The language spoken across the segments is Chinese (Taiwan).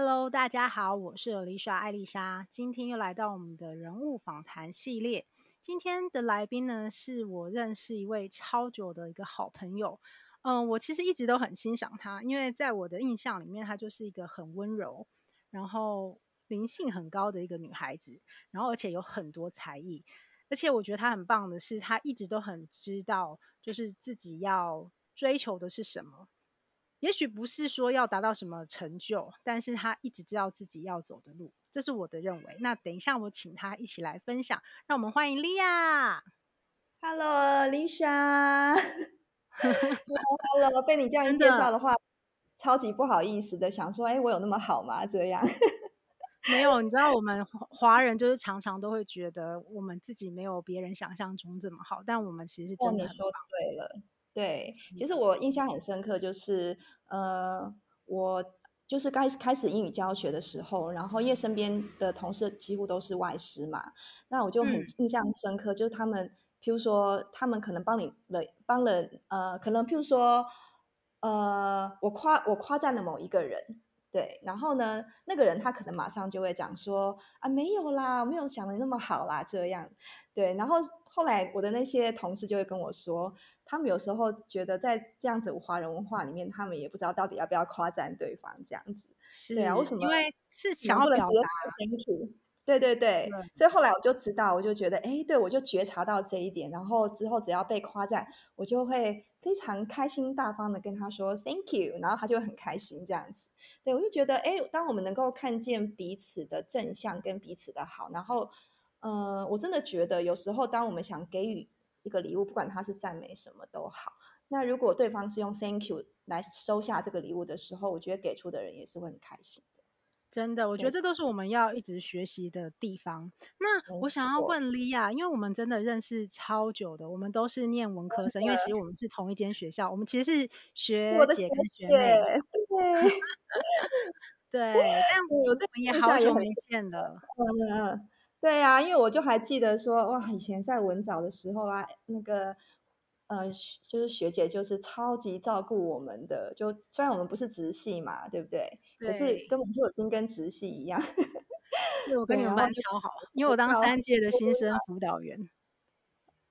Hello，大家好，我是 Alicia 艾莉莎，今天又來到我們的人物訪談系列。今天的來賓呢，是我認識一位超久的一個好朋友。嗯，我其實一直都很欣賞她，因為在我的印象裡面，她就是一個很溫柔，然後靈性很高的一個女孩子。然後而且有很多才藝，而且我覺得她很棒的是，她一直都很知道，就是自己要追求的是什麼。也許不是說要達到什麼成就，但是他一直知道自己要走的路，這是我的認為。那等一下我請他一起來分享，讓我們歡迎莉亞。Hello，Lisa。Hello，, Lisa. hello, hello. 被你這樣介紹的話的，超級不好意思的，想說，哎、欸，我有那麼好嗎？這樣 沒有，你知道我們華人就是常常都會覺得我們自己沒有別人想象中這麼好，但我們其實真的很棒，對了。對，其實我印象很深刻，就是、嗯、呃，我就是剛開始英語教學的時候，然後因為身邊的同事幾乎都是外師嘛，那我就很印象深刻，嗯、就是他們，譬如說他們可能幫你了，幫了呃，可能譬如說呃，我誇我誇讚了某一個人，對，然後呢，那個人他可能馬上就會講說啊，沒有啦，我沒有想得那麼好啦，這樣，對，然後。後來我的那些同事就會跟我說，他們有時候覺得在這樣子華人文化裡面，他們也不知道到底要不要誇讚對方這樣子。是，對啊，為什麼？因為是想要的表達對對對，對，所以後來我就知道，我就覺得，哎，對我就覺察到這一點。然後之後只要被誇讚，我就會非常開心、大方的跟他說 “Thank you”，然後他就會很開心這樣子。對我就覺得，哎，當我們能夠看見彼此的正向跟彼此的好，然後。呃，我真的覺得有時候，當我們想給予一個禮物，不管他是讚美什麼都好，那如果對方是用 “thank you” 來收下這個禮物的時候，我覺得給出的人也是會很開心的。真的，我覺得這都是我們要一直學習的地方。那我想要問 Leah，因為我們真的認識超久的，我們都是念文科生，因為其實我們是同一間學校，我們其實是學姐跟學妹，學姐對， 對，但我們也好久沒見了。我 對呀、啊，因為我就還記得說，哇，以前在文藻的時候啊，那個呃，就是學姐就是超級照顧我們的，就雖然我們不是直系嘛，對不對？對，可是根本就已經跟直系一樣。對， 對我跟你們班超好，因為我當三屆的新生輔導員輔導。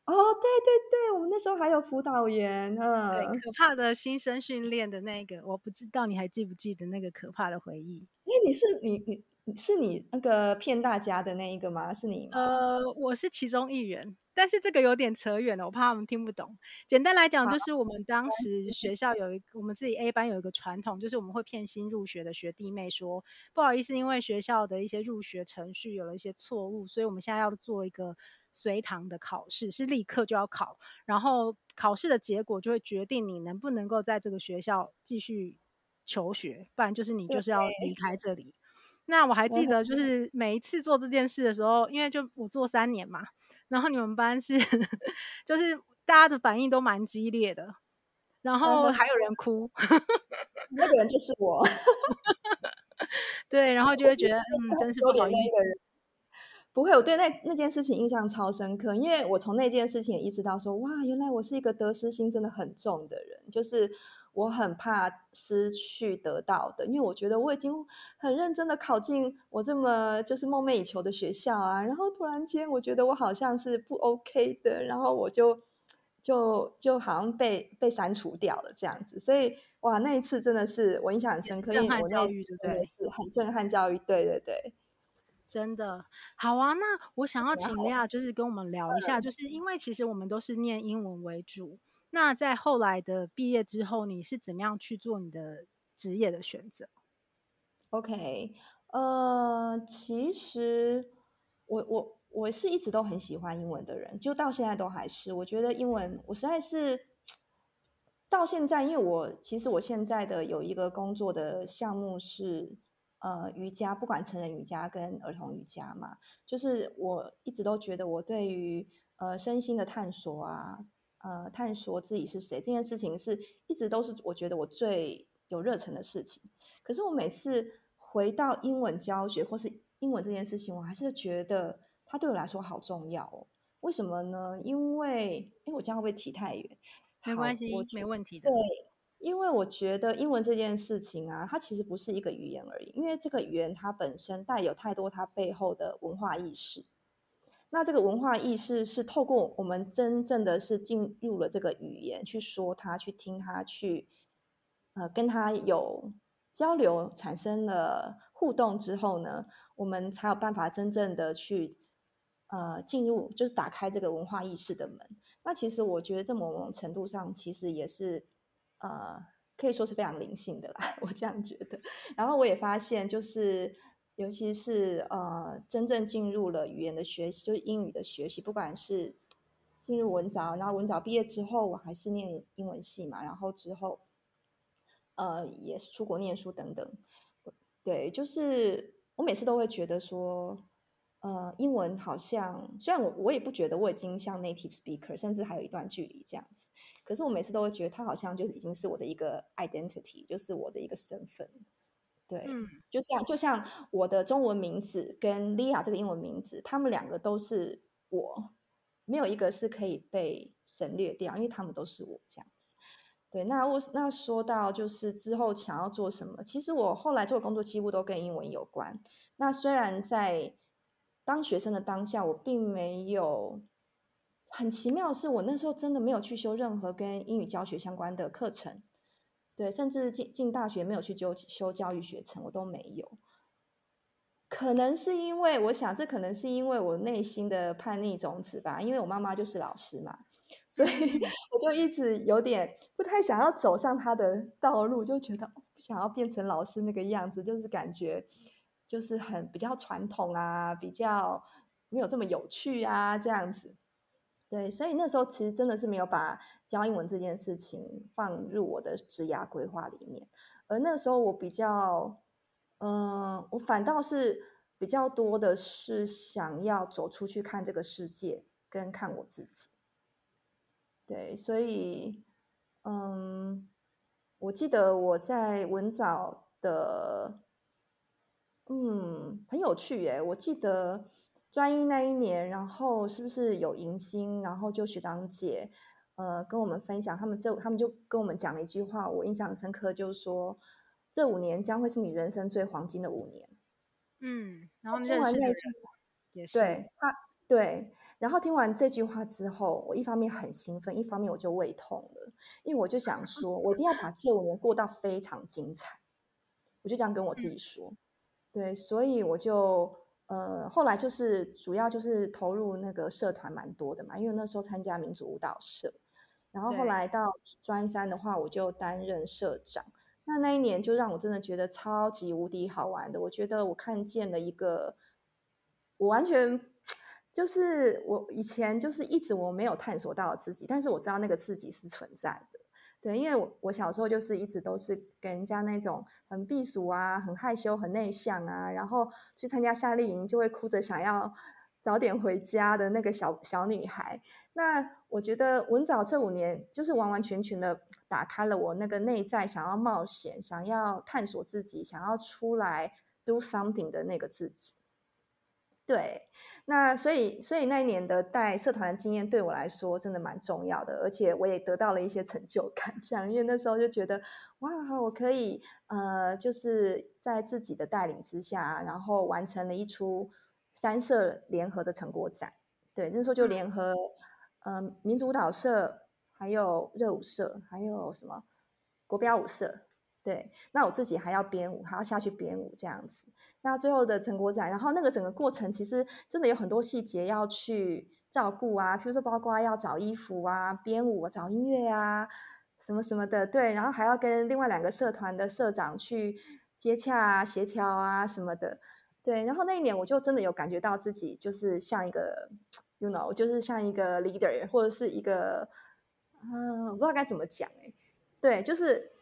哦，對對對，我們那時候還有輔導員，嗯對，可怕的新生訓練的那個，我不知道你還記不記得那個可怕的回憶？哎、欸，你是你你。你是你那個騙大家的那一個嗎？是你嗎？呃，我是其中一人，但是這個有點扯遠了，我怕他們聽不懂。簡單來講，就是我們當時學校有一個， 我們自己 A 班有一個傳統，就是我們會騙新入學的學弟妹說，不好意思，因為學校的一些入學程序有了一些錯誤，所以我們現在要做一個隨堂的考試，是立刻就要考，然後考試的結果就會決定你能不能夠在這個學校繼續求學，不然就是你就是要離開這裡。那我還記得，就是每一次做這件事的時候，因為就我做三年嘛，然後你們班是，就是大家的反應都蠻激烈的，然後還有人哭，那個人就是我， 對，然後就會覺得，覺得嗯，真是不容易，不好意思。不會，我對那那件事情印象超深刻，因為我從那件事情也意識到說，哇，原來我是一個得失心真的很重的人，就是。我很怕失去得到的，因為我覺得我已經很認真的考進我這麼就是夢寐以求的學校啊，然後突然間我覺得我好像是不 OK 的，然後我就就就好像被被刪除掉了這樣子，所以哇，那一次真的是我印象很深刻，是震撼教育對不對？真的是很震撼教育，對對對，對，對，真的好啊。那我想要請 Leah，就是跟我們聊一下，就是因為其實我們都是念英文為主。那在後來的畢業之後，你是怎麼樣去做你的職業的選擇？OK，呃，其實我我我是一直都很喜歡英文的人，就到現在都還是。我覺得英文我實在是到現在，因為我其實我現在的有一個工作的項目是呃瑜伽，不管成人瑜伽跟兒童瑜伽嘛，就是我一直都覺得我對於呃身心的探索啊。呃，探索自己是誰這件事情，是一直都是我覺得我最有熱忱的事情。可是我每次回到英文教學或是英文這件事情，我還是覺得它對我來說好重要哦。為什麼呢？因為，哎，我這樣會不會提太遠？沒關係我，沒問題的。對，因為我覺得英文這件事情啊，它其實不是一個語言而已，因為這個語言它本身帶有太多它背後的文化意識。那這個文化意識是透過我們真正的是進入了這個語言去說它，去聽它，去呃跟它有交流，產生了互動之後呢，我們才有辦法真正的去呃進入，就是打開這個文化意識的門。那其實我覺得，這某種程度上，其實也是呃可以說是非常靈性的啦，我這樣覺得。然後我也發現就是。尤其是呃，真正進入了語言的學習，就是英語的學習，不管是進入文藻，然後文藻畢業之後，我還是念英文系嘛，然後之後，呃，也是出國念書等等。對，就是我每次都會覺得說，呃，英文好像雖然我我也不覺得我已經像 native speaker，甚至還有一段距離這樣子，可是我每次都會覺得它好像就是已經是我的一個 identity，就是我的一個身份。對，就像就像我的中文名字跟 Leah 這個英文名字，他們兩個都是我，沒有一個是可以被省略掉，因為他們都是我這樣子。對，那我那說到就是之後想要做什麼，其實我後來做的工作幾乎都跟英文有關。那雖然在當學生的當下，我並沒有很奇妙的是，我那時候真的沒有去修任何跟英語教學相關的課程。對，甚至進進大學沒有去修教育學程，我都沒有。可能是因為我想，這可能是因為我內心的叛逆種子吧。因為我媽媽就是老師嘛，所以我就一直有點不太想要走上她的道路，就覺得不想要變成老師那個樣子，就是感覺就是很比較傳統啊，比較沒有這麼有趣啊，這樣子。對，所以那時候其實真的是沒有把教英文這件事情放入我的職涯規劃裡面，而那時候我比較，嗯，我反倒是比較多的是想要走出去看這個世界，跟看我自己。對，所以，嗯，我記得我在文藻的，嗯，很有趣耶，我記得。專一那一年，然後是不是有迎新？然後就學長姐，呃，跟我們分享他們這，他們就跟我們講了一句話，我印象深刻，就是說這五年將會是你人生最黃金的五年。嗯，然後聽完那一句話，也是對，對。然後聽完這句話之後，我一方面很興奮，一方面我就胃痛了，因為我就想說，我一定要把這五年過到非常精彩。我就這樣跟我自己說，嗯、對，所以我就。呃，後來就是主要就是投入那個社團蠻多的嘛，因為那時候參加民族舞蹈社，然後後來到專三的話，我就擔任社長。那那一年就讓我真的覺得超級無敵好玩的。我覺得我看見了一個，我完全就是我以前就是一直我沒有探索到自己，但是我知道那個自己是存在的。因為我我小時候就是一直都是給人家那種很避暑啊，很害羞、很內向啊，然後去參加夏令營就會哭着想要早點回家的那個小小女孩。那我覺得文藻這五年就是完完全全的打開了我那個內在想要冒險、想要探索自己、想要出來 do something 的那個自己。對，那所以所以那一年的帶社團的經驗對我來說真的蠻重要的，而且我也得到了一些成就感這樣，因為那時候就覺得哇，我可以呃，就是在自己的帶領之下，然後完成了一出三社聯合的成果展。對，那時候就聯合呃民族舞蹈社，還有熱舞社，還有什麼國標舞社？對，那我自己還要編舞，還要下去編舞這樣子。那最後的成果展，然後那個整個過程其實真的有很多細節要去照顧啊，譬如說包括要找衣服啊、編舞啊、找音樂啊，什麼什麼的。對，然後還要跟另外兩個社團的社長去接洽啊、協調啊什麼的。對，然後那一年我就真的有感覺到自己就是像一個，you know，就是像一個 leader，或者是一個，嗯，我不知道該怎麼講哎、欸。對，就是。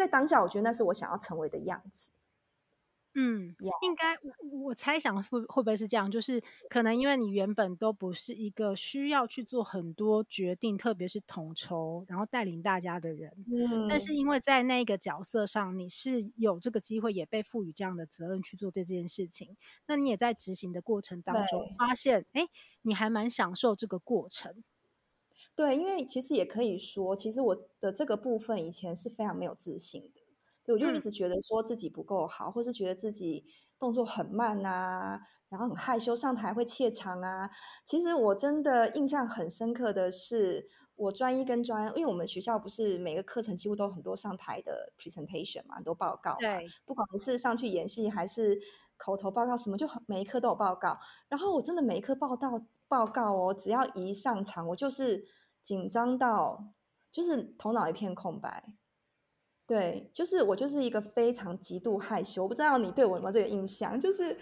在當下，我覺得那是我想要成為的樣子。嗯，yeah. 應該我，我猜想會會不會是這樣？就是可能因為你原本都不是一個需要去做很多決定，特別是統籌然後帶領大家的人。嗯。但是因為在那個角色上，你是有這個機會，也被賦予這樣的責任去做這件事情。那你也在執行的過程當中發現，哎，欸，你還蠻享受這個過程。對，因為其實也可以說，其實我的這個部分以前是非常沒有自信的，對，我就一直覺得說自己不夠好，嗯，或是覺得自己動作很慢啊，然後很害羞，上台會怯場啊。其實我真的印象很深刻的是，我專一跟專，因為我們學校不是每個課程幾乎都很多上台的 presentation 嘛，很多報告，不管是上去演戲還是口頭報告什麼，就每一科都有報告。然後我真的每一科報道報告哦，只要一上場，我就是。緊張到就是頭腦一片空白，對，就是我就是一個非常極度害羞，我不知道你對我有沒有這個印象，就是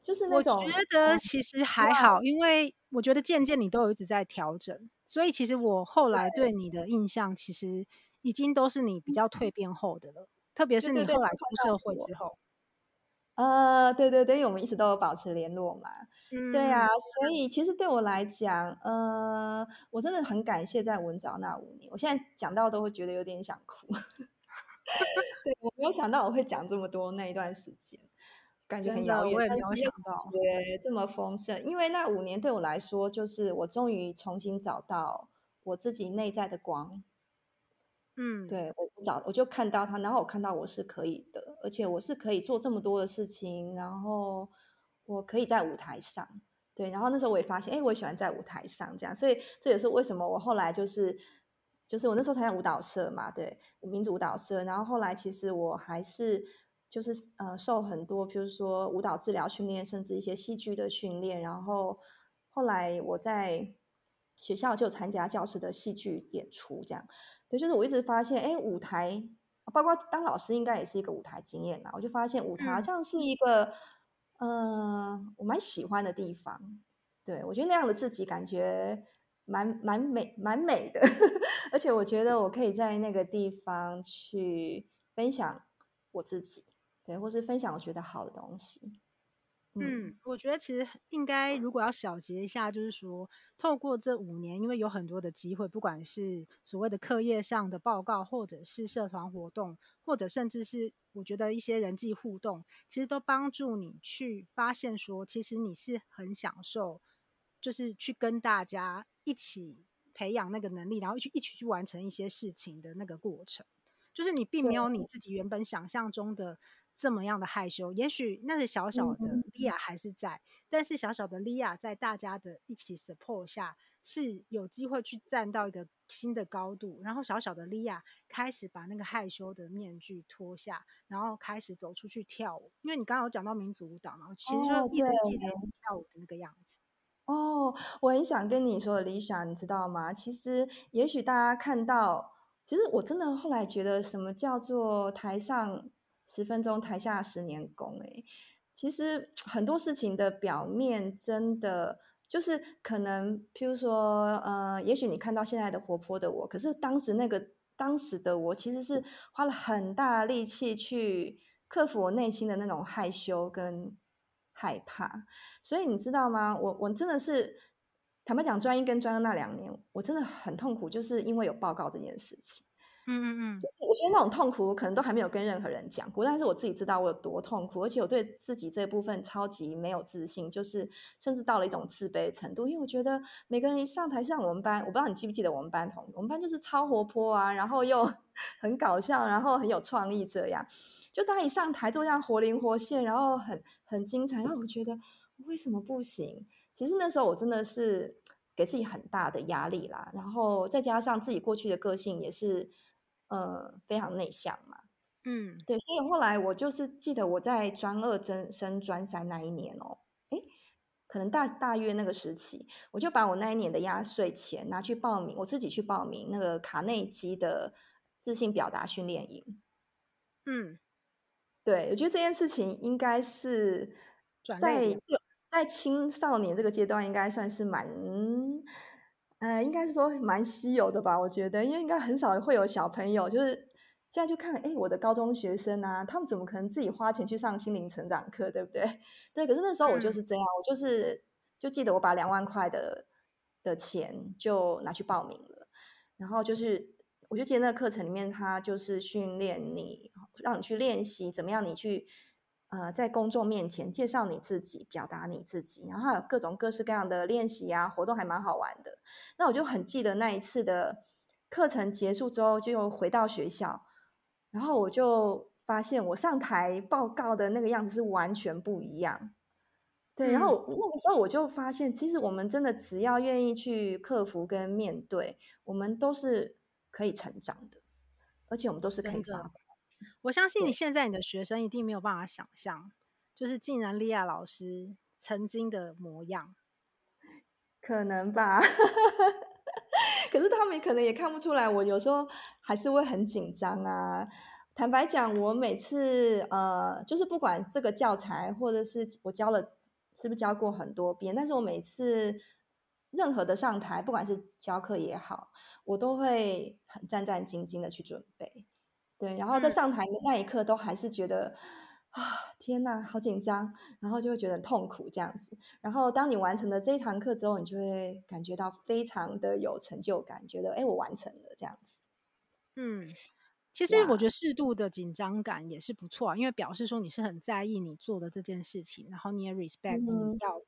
就是那種。我覺得其實還好，嗯，對啊，因為我覺得漸漸你都有一直在調整，所以其實我後來對你的印象其實已經都是你比較蛻變後的了，特別是你後來出社會之後。呃、uh, 對，對對，因為我們一直都有保持聯絡嘛，嗯、對呀、啊，所以其實對我來講，呃、uh,，我真的很感謝在文藻那五年，我現在講到都會覺得有點想哭。 對，我沒有想到我會講這麼多那一段時間，感覺很遙遠，但是，我也沒有想到、嗯、對、這麼豐盛，因為那五年對我來說，就是我終於重新找到我自己內在的光。嗯，對，我找，我就看到他，然後我看到我是可以的，而且我是可以做這麼多的事情，然後我可以在舞台上，對，然後那時候我也發現，哎、欸，我也喜歡在舞台上這樣，所以這也是為什麼我後來就是就是我那時候參加舞蹈社嘛，對，民族舞蹈社，然後後來其實我還是就是呃受很多，譬如說舞蹈治療訓練，甚至一些戲劇的訓練，然後後來我在。學校就參加教師的戲劇演出，這樣，對，就是我一直發現，哎，舞台，包括當老師，應該也是一個舞台經驗啦。我就發現舞台好像是一個，嗯，呃、我蠻喜歡的地方。對，我覺得那樣的自己感覺蠻蠻美，蠻美的。 而且我覺得我可以在那個地方去分享我自己，對，或是分享我覺得好的東西。嗯，我覺得其實應該，如果要小結一下，就是說，透過這五年，因為有很多的機會，不管是所謂的課業上的報告，或者是社團活動，或者甚至是我覺得一些人際互動，其實都幫助你去發現說，說其實你是很享受，就是去跟大家一起培養那個能力，然後去一起去完成一些事情的那個過程，就是你並沒有你自己原本想象中的，這麼樣的害羞，也許那個小小的利亞還是在嗯嗯，但是小小的利亞在大家的一起 support 下，是有機會去站到一個新的高度。然後小小的利亞開始把那個害羞的面具脫下，然後開始走出去跳舞。因為你剛剛有講到民族舞蹈嘛，然後其實說一直跳舞的那個樣子。哦，哦我很想跟你說，Leah 你知道嗎？其實也許大家看到，其實我真的後來覺得，什麼叫做台上。十分鐘台下十年功，欸，其實很多事情的表面真的就是可能，譬如說，呃，也許你看到現在的活潑的我，可是當時那個當時的我，其實是花了很大力氣去克服我內心的那種害羞跟害怕。所以你知道嗎？我我真的是，坦白講，專一跟專二那兩年，我真的很痛苦，就是因為有報告這件事情。嗯嗯嗯，就是我覺得那種痛苦，可能都還沒有跟任何人講過，但是我自己知道我有多痛苦，而且我對自己這部分超級沒有自信，就是甚至到了一種自卑的程度，因為我覺得每個人一上台，像我們班，我不知道你記不記得我們班同學，我們班就是超活潑啊，然後又很搞笑，然後很有創意，這樣就大家一上台都這樣活靈活現，然後很很精彩，讓我覺得我為什麼不行？其實那時候我真的是給自己很大的壓力啦，然後再加上自己過去的個性也是。呃，非常內向嘛，嗯，對，所以後來我就是記得我在專二升專三那一年哦，誒，可能大大約那個時期，我就把我那一年的壓歲錢拿去報名，我自己去報名那個卡內基的自信表達訓練營，嗯，對，我覺得這件事情應該是在在青少年這個階段應該算是蠻。呃，應該是說蠻稀有的吧？我覺得，因為應該很少會有小朋友，就是現在就看，誒，我的高中學生啊，他們怎麼可能自己花錢去上心靈成長課，對不對？對，可是那時候我就是這樣，我就是就記得我把兩萬塊的的錢就拿去報名了，然後就是我就記得那個課程裡面，他就是訓練你，讓你去練習怎麼樣，你去。呃，在公眾面前介紹你自己，表達你自己，然後還有各種各式各樣的練習啊，活動還蠻好玩的。那我就很記得那一次的課程結束之後，就回到學校，然後我就發現我上台報告的那個樣子是完全不一樣。對、嗯，然後那個時候我就發現，其實我們真的只要願意去克服跟面對，我們都是可以成長的，而且我們都是可以發光。我相信你現在你的學生一定沒有辦法想象，就是竟然利亞老師曾經的模樣，可能吧。 可是他們可能也看不出來，我有時候還是會很緊張啊。坦白講，我每次呃，就是不管這個教材或者是我教了，是不是教過很多遍，但是我每次任何的上台，不管是教課也好，我都會很戰戰兢兢的去準備。對，然後在上台的那一刻，都還是覺得、嗯、啊，天哪，好緊張，然後就會覺得痛苦這樣子。然後當你完成了這一堂課之後，你就會感覺到非常的有成就感，覺得哎，我完成了這樣子。嗯，其實我覺得適度的緊張感也是不錯、啊，因為表示說你是很在意你做的這件事情，然後你也 respect 你要、嗯、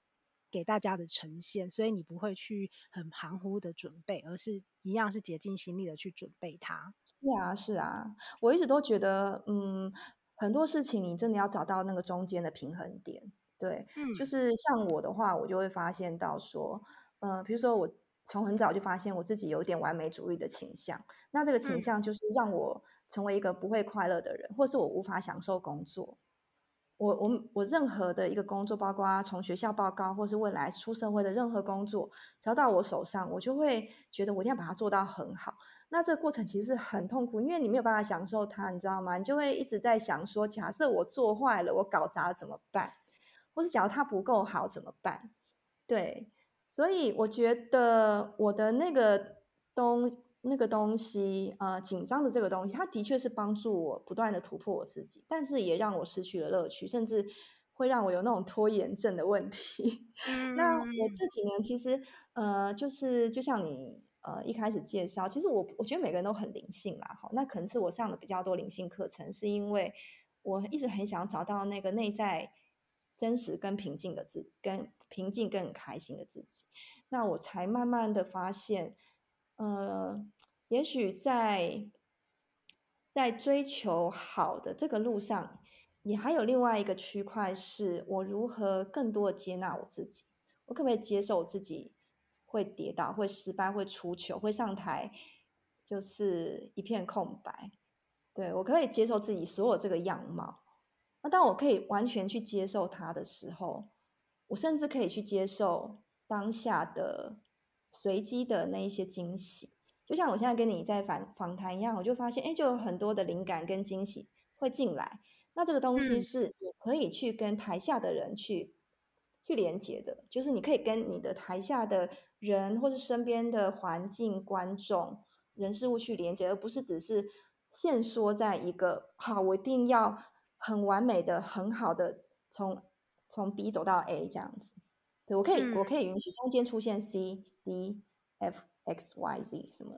給大家的呈現、嗯，所以你不會去很含糊的準備，而是一樣是竭盡心力的去準備它。是啊，是啊，我一直都覺得，嗯，很多事情你真的要找到那個中間的平衡點，對，嗯、就是像我的話，我就會發現到說，嗯、呃，比如說我從很早就發現我自己有點完美主義的傾向，那這個傾向就是讓我成為一個不會快樂的人，或是我無法享受工作。我我我任何的一個工作，包括從學校報告，或是未來出社會的任何工作，只要到我手上，我就會覺得我一定要把它做到很好。那這個過程其實是很痛苦，因為你沒有辦法享受它，你知道嗎？你就會一直在想說，假設我做壞了，我搞砸了怎麼辦？或是假設假如它不夠好怎麼辦？對，所以我覺得我的那個東那個東西，呃，緊張的這個東西，它的確是幫助我不斷的突破我自己，但是也讓我失去了樂趣，甚至會讓我有那種拖延症的問題。 那我這幾年其實，呃，就是就像你。呃，一開始介紹，其實我我覺得每個人都很靈性啦，好，那可能是我上了比較多靈性課程，是因為我一直很想要找到那個內在真實跟平靜的自跟平靜跟開心的自己，那我才慢慢的發現，呃，也許在在追求好的這個路上，你還有另外一個區塊，是我如何更多的接納我自己，我可不可以接受我自己？會跌倒，會失敗，會出糗，會上台就是一片空白。對，我可以接受自己所有這個樣貌，那當我可以完全去接受它的時候，我甚至可以去接受當下的隨機的那一些驚喜。就像我現在跟你在訪訪談一樣，我就發現，誒、哎，就有很多的靈感跟驚喜會進來。那這個東西是可以去跟台下的人去去連接的，就是你可以跟你的台下的。人或是身邊的環境、觀眾、人事物去連接，而不是只是限縮在一個好，我一定要很完美的、很好的從從 B 走到 A 這樣子。對我可以、嗯，我可以允許中間出現 C、D、F、X、Y、Z 什麼。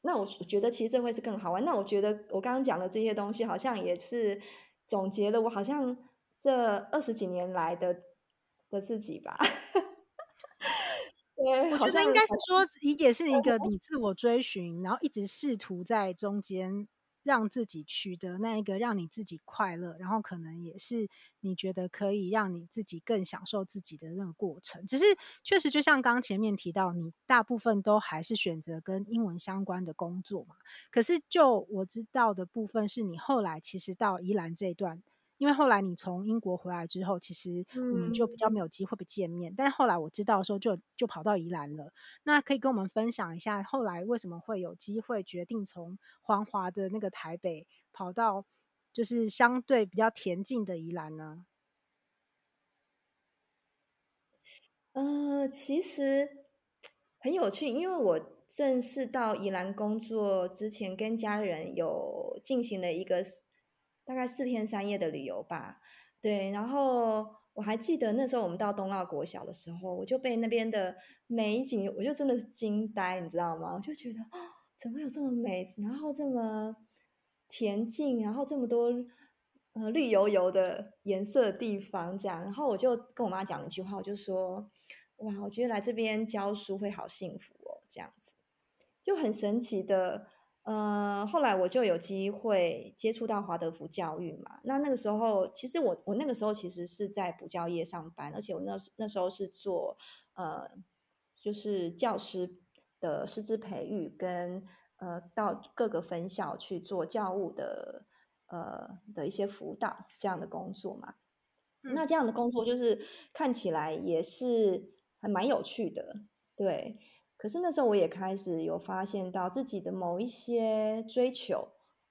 那我覺得其實這會是更好玩。那我覺得我剛剛講的這些東西，好像也是總結了我好像這二十幾年來的的自己吧。我覺得應該是說，你也是一個你自我追尋，然後一直試圖在中間讓自己取得那一個讓你自己快樂，然後可能也是你覺得可以讓你自己更享受自己的那個過程。只是確實，就像剛前面提到，你大部分都還是選擇跟英文相關的工作嘛。可是就我知道的部分，是你後來其實到宜蘭這一段。因為後來你從英國回來之後，其實我們就比較沒有機會見面，嗯。但後來我知道的時候就，就就跑到宜蘭了。那可以跟我們分享一下，後來為什麼會有機會決定從繁華的那個台北跑到就是相對比較恬靜的宜蘭呢？呃，其實很有趣，因為我正式到宜蘭工作之前，跟家人有進行了一個。大概四天三夜的旅遊吧，對。然後我還記得那時候我們到東澳國小的時候，我就被那邊的美景，我就真的驚呆，你知道嗎？我就覺得，哦，怎麼有這麼美，然後這麼恬靜，然後這麼多呃綠油油的顏色的地方這樣。然後我就跟我媽講了一句話，我就說，哇，我覺得來這邊教書會好幸福哦，這樣子就很神奇的。呃，後來我就有機會接觸到華德福教育嘛。那那個時候，其實我我那個時候其實是在補教業上班，而且我那時那時候是做呃，就是教師的師資培育跟呃，到各個分校去做教務的呃的一些輔導這樣的工作嘛。嗯。那這樣的工作就是看起來也是還蠻有趣的，對。可是那時候我也開始有發現到自己的某一些追求，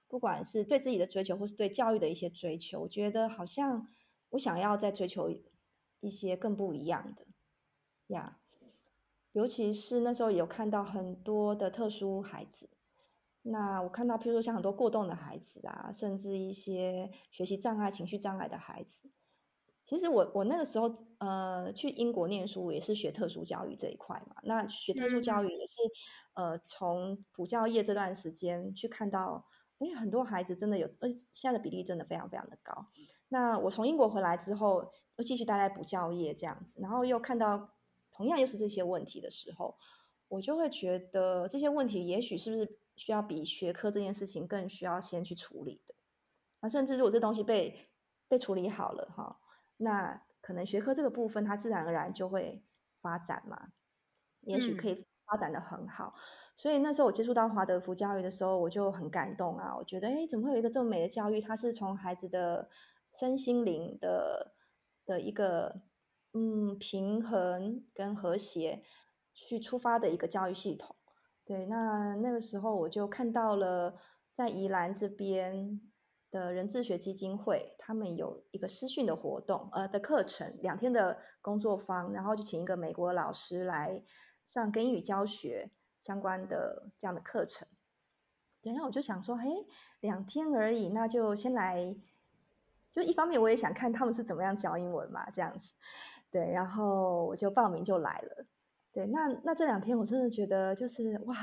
不管是對自己的追求，或是對教育的一些追求，我覺得好像我想要再追求一些更不一樣的呀。Yeah. 尤其是那時候有看到很多的特殊孩子，那我看到，譬如說像很多過動的孩子啊，甚至一些學習障礙、情緒障礙的孩子。其實我我那個時候呃去英國念書也是學特殊教育這一塊嘛。那學特殊教育也是呃從補教業這段時間去看到，因為很多孩子真的有，而且現在的比例真的非常非常的高。那我從英國回來之後，又繼續待在補教業這樣子，然後又看到同樣又是這些問題的時候，我就會覺得這些問題也許是不是需要比學科這件事情更需要先去處理的。那、啊、甚至如果這東西被被處理好了哈。那可能學科這個部分，它自然而然就會發展嘛，也許可以發展得很好，嗯。所以那時候我接觸到華德福教育的時候，我就很感動啊！我覺得，誒、欸、怎麼會有一個這麼美的教育？它是從孩子的身心靈的的一個嗯平衡跟和諧去出發的一個教育系統。對，那那個時候我就看到了在宜蘭這邊的人智學基金會，他們有一個師訓的活動，呃，的課程，兩天的工作坊，然後就請一個美國老師來上跟英語教學相關的這樣的課程。然後我就想說，嘿，兩天而已，那就先來。就一方面，我也想看他們是怎麼樣教英文嘛，這樣子。對，然後我就報名就來了。對，那那這兩天我真的覺得就是哇。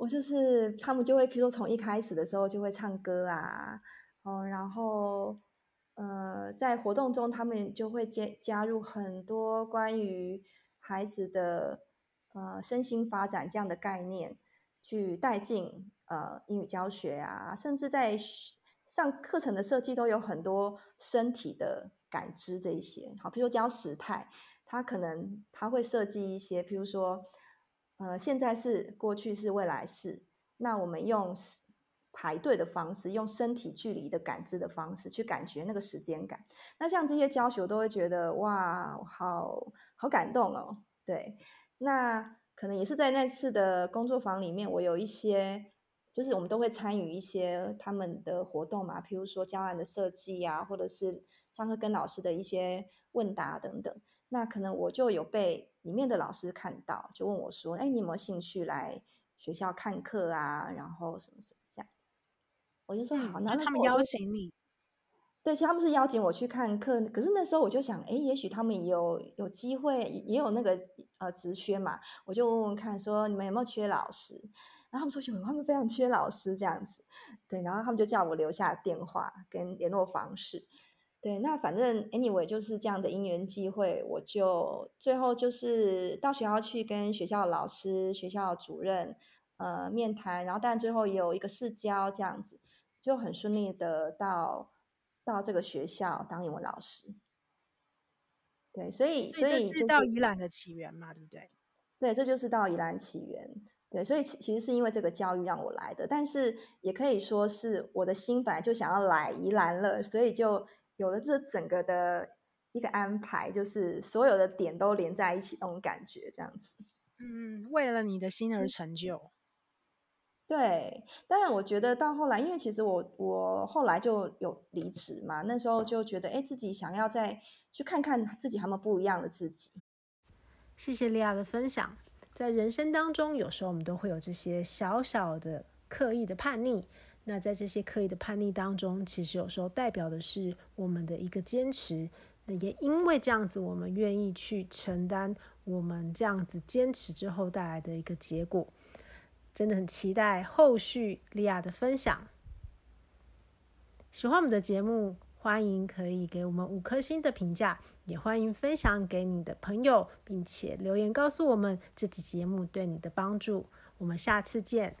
我就是他們就會，譬如說從一開始的時候就會唱歌啊，哦，然後呃，在活動中他們就會加加入很多關於孩子的呃身心發展這樣的概念去帶進呃英語教學啊，甚至在上課程的設計都有很多身體的感知這一些。好，譬如說教時態，他可能他會設計一些，譬如說。呃，現在式、過去式、未來式，那我們用排隊的方式，用身體距離的感知的方式去感覺那個時間感。那像這些教學我都會覺得哇，好好感動哦。對，那可能也是在那次的工作坊裡面，我有一些，就是我們都會參與一些他們的活動嘛，譬如說教案的設計呀、啊，或者是上課跟老師的一些問答等等。那可能我就有被裡面的老師看到，就問我說：“哎、欸，你有沒有興趣來學校看課啊？然後什麼什麼這樣。”我就說：“好，那、嗯、他們邀請你。對，其實他們是邀請我去看課，可是那時候我就想，哎、欸，也許他們有有機會，也有那個呃職缺嘛，我就問問看說，說你們有沒有缺老師？然後他們說有，他們非常缺老師這樣子。對，然後他們就叫我留下電話跟聯絡方式。對，那反正 anyway 就是這樣的因緣際會，我就最後就是到學校去跟學校老師、學校主任呃面談，然後但最後也有一個試教這樣子，就很順利的到到這個學校當英文老師。對，所以所以這是到宜蘭的起源嘛，對不對？對，這就是到宜蘭的起源。對，所以其其實是因為這個教育讓我來的，但是也可以說是我的心本來就想要來宜蘭了，所以就。有了這整個的一個安排，就是所有的點都連在一起，那種感覺這樣子。嗯，為了你的心而成就。嗯、對，當然我覺得到後來，因為其實我我後來就有離職嘛，那時候就覺得，哎，自己想要再去看看自己他們不一樣的自己。謝謝莉亞的分享，在人生當中，有時候我們都會有這些小小的刻意的叛逆。那在這些刻意的叛逆當中，其實有時候代表的是我們的一個堅持。那也因為這樣子，我們願意去承擔我們這樣子堅持之後帶來的一個結果。真的很期待後續 Leah 的分享。喜歡我們的節目，歡迎可以給我們五顆星的評價，也歡迎分享給你的朋友，並且留言告訴我們這集節目對你的幫助。我們下次見。